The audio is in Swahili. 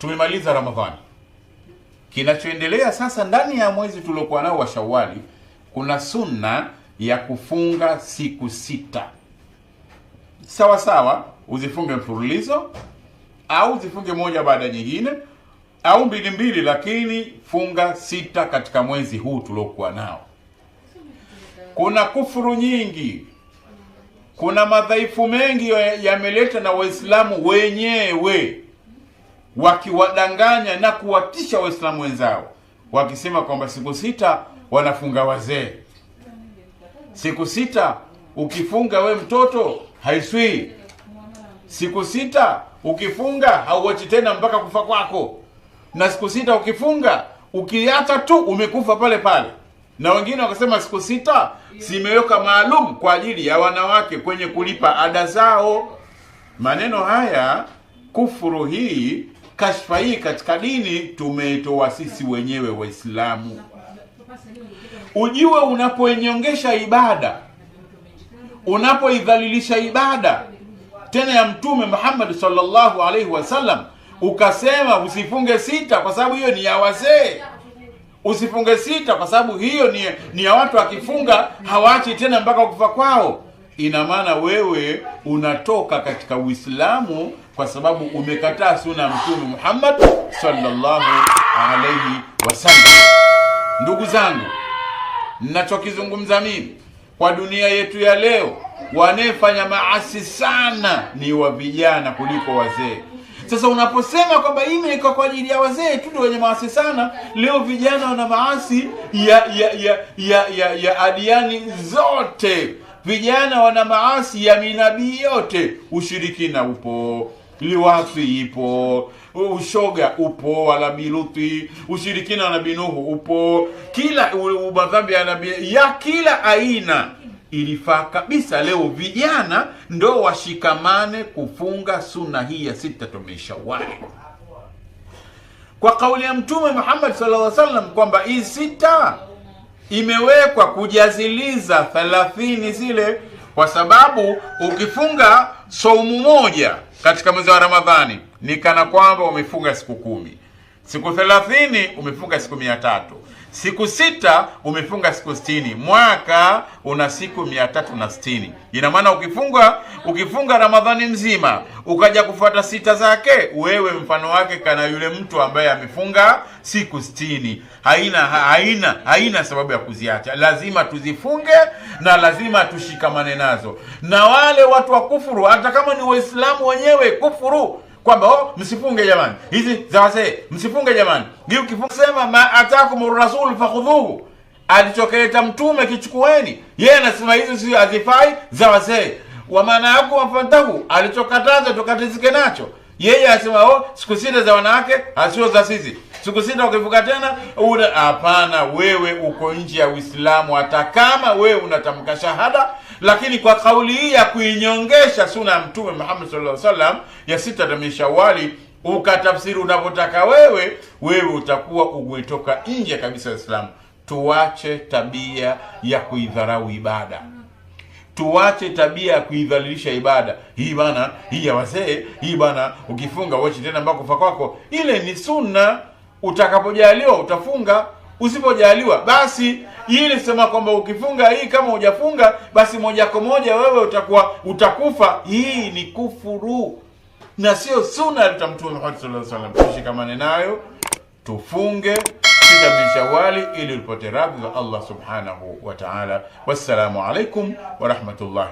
tumemaliza Ramadhani. Kinachoendelea sasa ndani ya mwezi tuliokuwa nao wa Shawali, kuna sunna ya kufunga siku sita sawa sawa, uzifunge mfululizo au uzifunge moja baada ya nyingine au mbili mbili, lakini funga sita katika mwezi huu tuliokuwa nao. Kuna kufuru nyingi, kuna madhaifu mengi yameleta na Waislamu wenyewe wakiwadanganya na kuwatisha Waislamu wenzao wakisema kwamba siku sita wanafunga wazee, siku sita ukifunga we mtoto haiswi, siku sita ukifunga hauwachi tena mpaka kufa kwako, na siku sita ukifunga ukiacha tu umekufa pale pale. Na wengine wakasema siku sita zimeweka maalum kwa ajili ya wanawake kwenye kulipa ada zao. Maneno haya, kufuru hii kashfa hii katika dini tumeitoa sisi wenyewe Waislamu. Ujue unapoinyongesha ibada, unapoidhalilisha ibada tena ya Mtume muhammadi salllahu alaihi wasallam, ukasema usifunge sita kwa sababu hiyo ni ya wazee, usifunge sita kwa sababu hiyo ni, ni ya watu akifunga hawaachi tena mpaka kufa kwao ina maana wewe unatoka katika Uislamu kwa sababu umekataa suna Mtume Muhammad sallallahu alayhi wasallam. Ndugu zangu, ninachokizungumza mimi kwa dunia yetu ya leo, wanayefanya maasi sana ni wa vijana kuliko wazee. Sasa unaposema kwamba hii imewekwa kwa ajili ya wazee tu ndio wenye maasi sana, leo vijana wana maasi ya ya ya ya, ya, ya adiani zote vijana wana maasi ya minabii yote. Ushirikina upo, liwafi ipo, ushoga upo wala biluti ushirikina wa binuhu upo, kila madhambi ya nabii ya kila aina ilifaa kabisa leo vijana ndo washikamane kufunga suna hii ya sita tumeshawali kwa kauli ya Mtume Muhammad sallallahu salam kwamba hii sita imewekwa kujaziliza thalathini zile, kwa sababu ukifunga saumu moja katika mwezi wa Ramadhani ni kana kwamba umefunga siku kumi siku thelathini umefunga siku mia tatu siku sita umefunga siku sitini mwaka una siku mia tatu na sitini Ina maana ukifunga ukifunga Ramadhani mzima ukaja kufuata sita zake, wewe mfano wake kana yule mtu ambaye amefunga siku sitini. Haina haina haina sababu ya kuziacha, lazima tuzifunge na lazima tushikamane nazo. Na wale watu wa kufuru, hata kama ni Waislamu wenyewe kufuru kwamba oh, msifunge jamani, hizi za wazee msifunge jamani. Ndio ukisema ma atakum rasul fakhudhuhu, alichokeleta mtume kichukueni. Yeye anasema hizi si azifai za wazee. Wa maana yako mfantahu, alichokataza tukatizike nacho. Yeye anasema oh, siku sita za wanawake asio za sisi siku sita ukifuka tena una hapana, wewe uko nje ya Uislamu, hata kama wewe unatamka shahada, lakini kwa kauli hii ya kuinyongesha suna ya Mtume Muhammad sallallahu alaihi wasallam ya sita ya ukatafsiri unavyotaka wewe, wewe utakuwa uguitoka nje kabisa ya Uislamu. Tuache tabia ya kuidharau ibada, tuache tabia ya kuidhalilisha ibada. Hii bana, hii ya wazee, hii bana, ukifunga uache tena mpaka kufa kwako. Ile ni sunna utakapojaliwa utafunga, usipojaliwa basi. hii lisema kwamba ukifunga hii kama hujafunga basi moja kwa moja wewe utakuwa utakufa. Hii ni kufuru na sio suna ya Mtume Muhammad sallallahu alaihi wasallam. Tushikamane nayo tufunge sita Shawali ili ulipote radhi za Allah subhanahu wa ta'ala. Wassalamu alaikum wa rahmatullahi